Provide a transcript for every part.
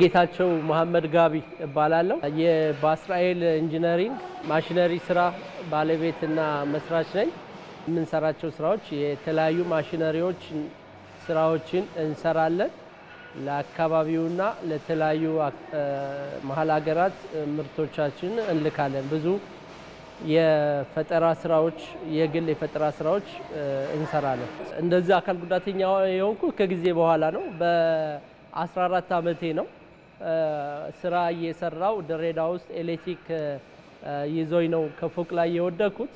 ጌታቸው መሐመድ ጋቢ እባላለሁ። የባስራኤል ኢንጂነሪንግ ማሽነሪ ስራ ባለቤትና መስራች ነኝ። የምንሰራቸው ስራዎች የተለያዩ ማሽነሪዎች ስራዎችን እንሰራለን። ለአካባቢውና ለተለያዩ መሀል ሀገራት ምርቶቻችን እንልካለን። ብዙ የፈጠራ ስራዎች የግል የፈጠራ ስራዎች እንሰራለን። እንደዚህ አካል ጉዳተኛ የሆንኩ ከጊዜ በኋላ ነው። በ14 ዓመቴ ነው። ስራ እየሰራው ድሬዳ ውስጥ ኤሌክትሪክ ይዞኝ ነው ከፎቅ ላይ የወደኩት።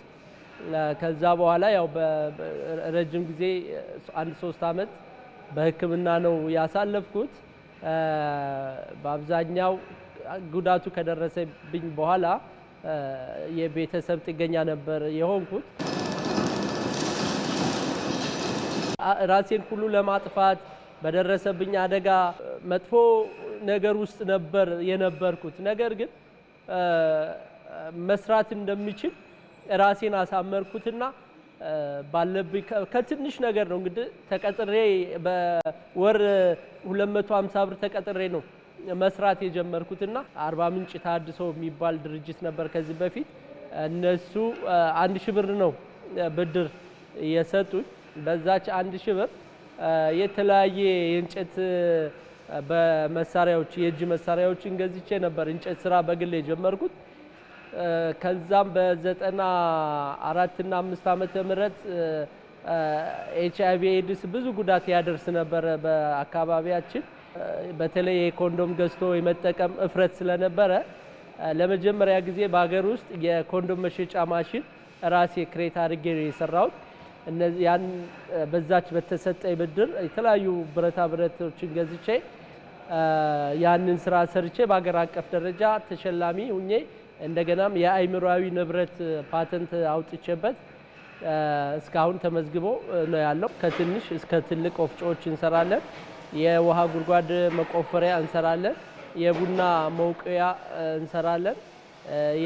ከዛ በኋላ ያው በረጅም ጊዜ አንድ ሶስት አመት በሕክምና ነው ያሳለፍኩት። በአብዛኛው ጉዳቱ ከደረሰብኝ በኋላ የቤተሰብ ጥገኛ ነበር የሆንኩት። ራሴን ሁሉ ለማጥፋት በደረሰብኝ አደጋ መጥፎ ነገር ውስጥ ነበር የነበርኩት። ነገር ግን መስራት እንደምችል ራሴን አሳመርኩትና ባለብኝ ከትንሽ ነገር ነው እንግዲህ ተቀጥሬ በወር 250 ብር ተቀጥሬ ነው መስራት የጀመርኩትና አርባ ምንጭ ታድሶ የሚባል ድርጅት ነበር ከዚህ በፊት እነሱ አንድ ሺህ ብር ነው ብድር የሰጡኝ። በዛች አንድ ሺህ ብር የተለያየ የእንጨት በመሳሪያዎች የእጅ መሳሪያዎችን ገዝቼ ነበር እንጨት ስራ በግል የጀመርኩት። ከዛም በዘጠና አራትና አምስት ዓመተ ምህረት ኤች አይቪ ኤድስ ብዙ ጉዳት ያደርስ ነበረ በአካባቢያችን። በተለይ የኮንዶም ገዝቶ የመጠቀም እፍረት ስለነበረ ለመጀመሪያ ጊዜ በሀገር ውስጥ የኮንዶም መሸጫ ማሽን ራሴ ክሬት አድርጌ ነው የሰራሁት። ያን በዛች በተሰጠኝ ብድር የተለያዩ ብረታ ብረቶችን ገዝቼ ያንን ስራ ሰርቼ በሀገር አቀፍ ደረጃ ተሸላሚ ሁኜ እንደገናም የአእምሯዊ ንብረት ፓተንት አውጥቼበት እስካሁን ተመዝግቦ ነው ያለው። ከትንሽ እስከ ትልቅ ወፍጮዎች እንሰራለን። የውሃ ጉድጓድ መቆፈሪያ እንሰራለን። የቡና መውቅያ እንሰራለን።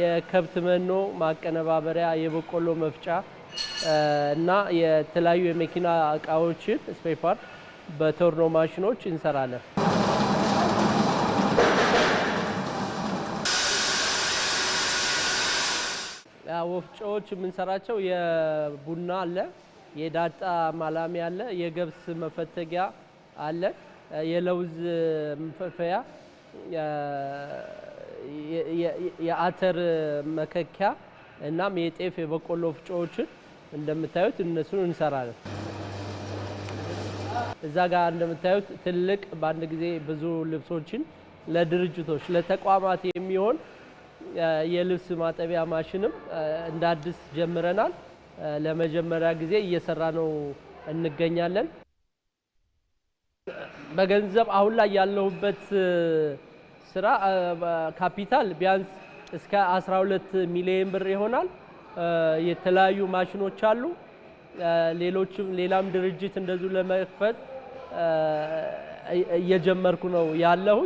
የከብት መኖ ማቀነባበሪያ፣ የበቆሎ መፍጫ እና የተለያዩ የመኪና እቃዎችን ስፔር ፓርት በቶርኖ ማሽኖች እንሰራለን። ወፍጮዎች የምንሰራቸው የቡና አለ፣ የዳጣ ማላሚ አለ፣ የገብስ መፈተጊያ አለ፣ የለውዝ መፈፈያ የአተር መከኪያ እናም የጤፍ የበቆሎ ፍጮዎችን እንደምታዩት እነሱን እንሰራለን። እዛ ጋር እንደምታዩት ትልቅ በአንድ ጊዜ ብዙ ልብሶችን ለድርጅቶች ለተቋማት የሚሆን የልብስ ማጠቢያ ማሽንም እንደ አዲስ ጀምረናል። ለመጀመሪያ ጊዜ እየሰራ ነው እንገኛለን። በገንዘብ አሁን ላይ ያለሁበት ስራ ካፒታል ቢያንስ እስከ 12 ሚሊዮን ብር ይሆናል። የተለያዩ ማሽኖች አሉ። ሌሎችም ሌላም ድርጅት እንደዚሁ ለመክፈት እየጀመርኩ ነው ያለሁት።